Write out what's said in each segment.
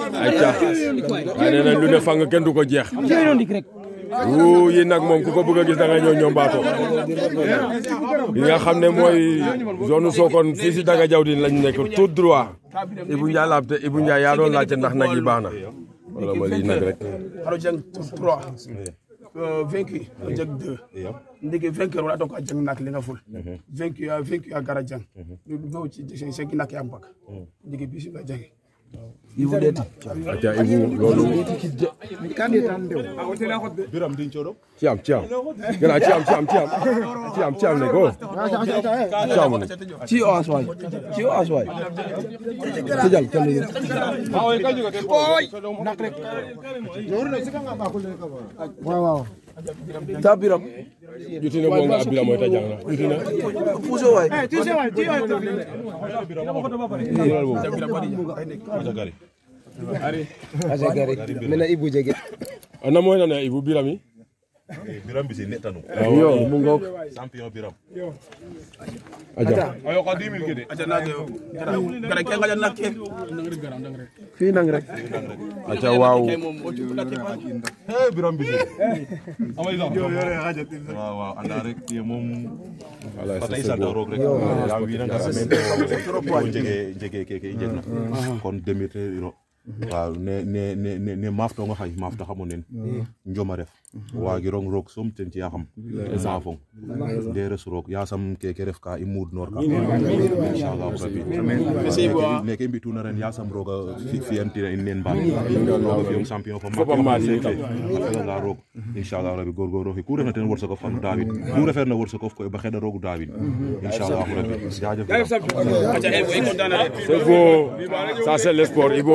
a waaye nee na fang kenn du ko jeex. wuu yi nag moom ku ko bëgg a gis da ngay baato bi nga xam ne mooy zone Sokone fii si Daga Jawdin lañ nekk tout droit Ibou Ndiaye laajte Ibou Ndiaye yaa doon laajte ndax nag yi baax na wala ma lii nag rek Haro Dieng trois euh, vaincu Haro Dieng deux ndiki wala toog a jeng nak li nga ful mhm. vaincu vaincu a gara jeng nak yi am bak ndiki bi si nga Ibu Deti. Acha Ibu lolu. Kandi tande. Biram din choro. Ciam ciam. Gana ciam ciam ciam. Ciam ciam ne go. Ciam ne. Ci o aswai. Ci o aswai. Sejal kali. Oi. Nak rek. Jor ne sikang apa aku lek apa. Wow wow. taa biram jutine bo nga biram moy ta jangna jutine puso way eh tuse way ti ay tabi ari ari mena ibu jege ana moy na ibu birami Eh, biram bisa net eh, iya, yo munggok. ngok biram aja ayo ko 10000 gede aja na de gara ke ngaja nakke fi nang aja wow. Hei, eh, biram bisa. amay dong. yo yo aja tim anda rek ye mom wala sa sa rek ya wi na men kon you know ne ne ne ne Mm-hmm. waagirong roog soom ten ci'axam e saafong ndeeres roog yaasam keke refka i muud noor ka insalahu rabi neeke ren yaasam roog a fiyantina in neen mbaan roog a fiyong champion fa maak a felanga ku refna ten wërsakof xan daawin ku refeer na wërsakof koy ba xeda roog daawin insalahu rabi c'est beau ça c'est le sport i bo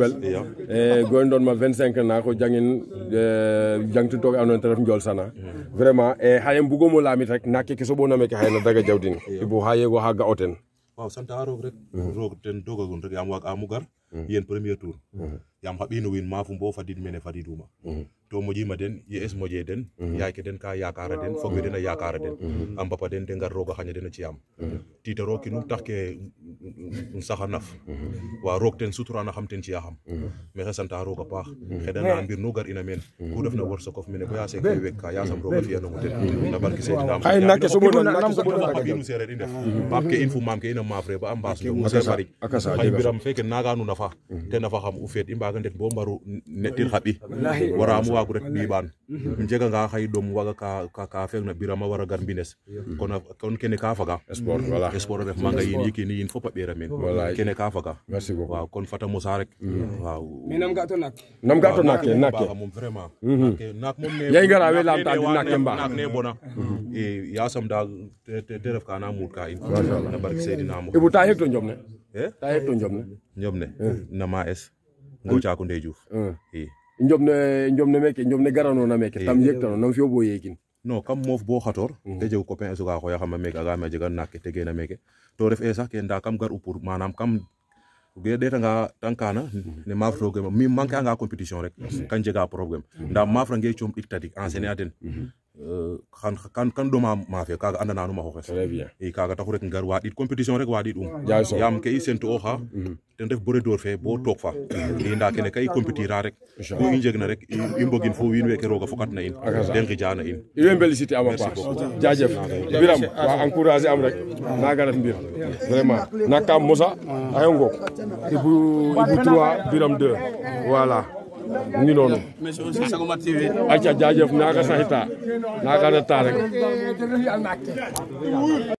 Diourbel eh, goynɗonma vingt cinq na ko jangin eh, jangtitoke ando naye te ref Ndiol Sana vraiment eh, xaye mbugomo lamit rek naak keke soɓoname ke xaye no Daga Diawdine bo xa yeego xa ga'o ten waaw sante'a roog rek roog ten dogagun rek yaam waag'aam o gar yen premier tour yaam xa ɓiin wiin maafum bo fadiid mene fadiiduma to moƴiima den ye'es moƴee den yaay den ka yakaara den fog we den a yakaara den a mbapa den de ngar roog a xaña den a ci'aam kinum tax a naf wa roog ten suturana xam ten ciya xam maxey santa roog a paax xeɗana mbir nu gar'ina meen ku defna warsakof mene bo a seek fe weg ka yasam roog a fiyanongo ten na barke seedinamxaybinu sereer i ndef paap ke in fo maam ke in a maafre ba a mbaas mose farig xay biram feke naga nu nafa te nafa xam u feet i mbaga ndet bo mbaru netir xa ɓi waraam waagu ret ɓiɓaan um jeganga xay ɗom waaga ka feeg na biram a wara gar mbines kon kene ka faga sport a ref maaga yiin yikini yiin fop a pyramid wallaay kene ka faga kon fata mosa rek mm-hmm. nam gato nak nam mm-hmm. yay ngara we lam ta nak mba nak mm-hmm. eh, te ref ka na mut ka in na barke seydina mo ibu ta hekto njom ne eh? ta hekto njom eh. na ma es ngo ca juuf i njom garano na meke tam yektano nam fi bo yekin non kam mof bo xator te jeg copain ko ya xama meeke ga a jega nak te geena meeke to def e sax ke nda kam gar upur manam kam ge de tanga tankana ne maafrogema mi manque nga competition rek kan jega problem nda maafrange coom ɗik tadik enseigné a den kan kan kan do ma andana ɗoma maafe kaaga andananuma xooxes i kaaga taxu rek ngar wa dit competition rek wa dit um yam ke i sentu'oxa ten ref bo redoor fe bo toog fa i nda kene ka i rek bo i njeg rek i mbogin fo wiin weke rooga fokat na in den ngija in in way féliciter am a paax jaajëf Biram encourager am rek naga ref mbir vraiment mosa ayo ngook ibu ibu Biram 2 voilà mu ngi noonu naga saxita naga reta rek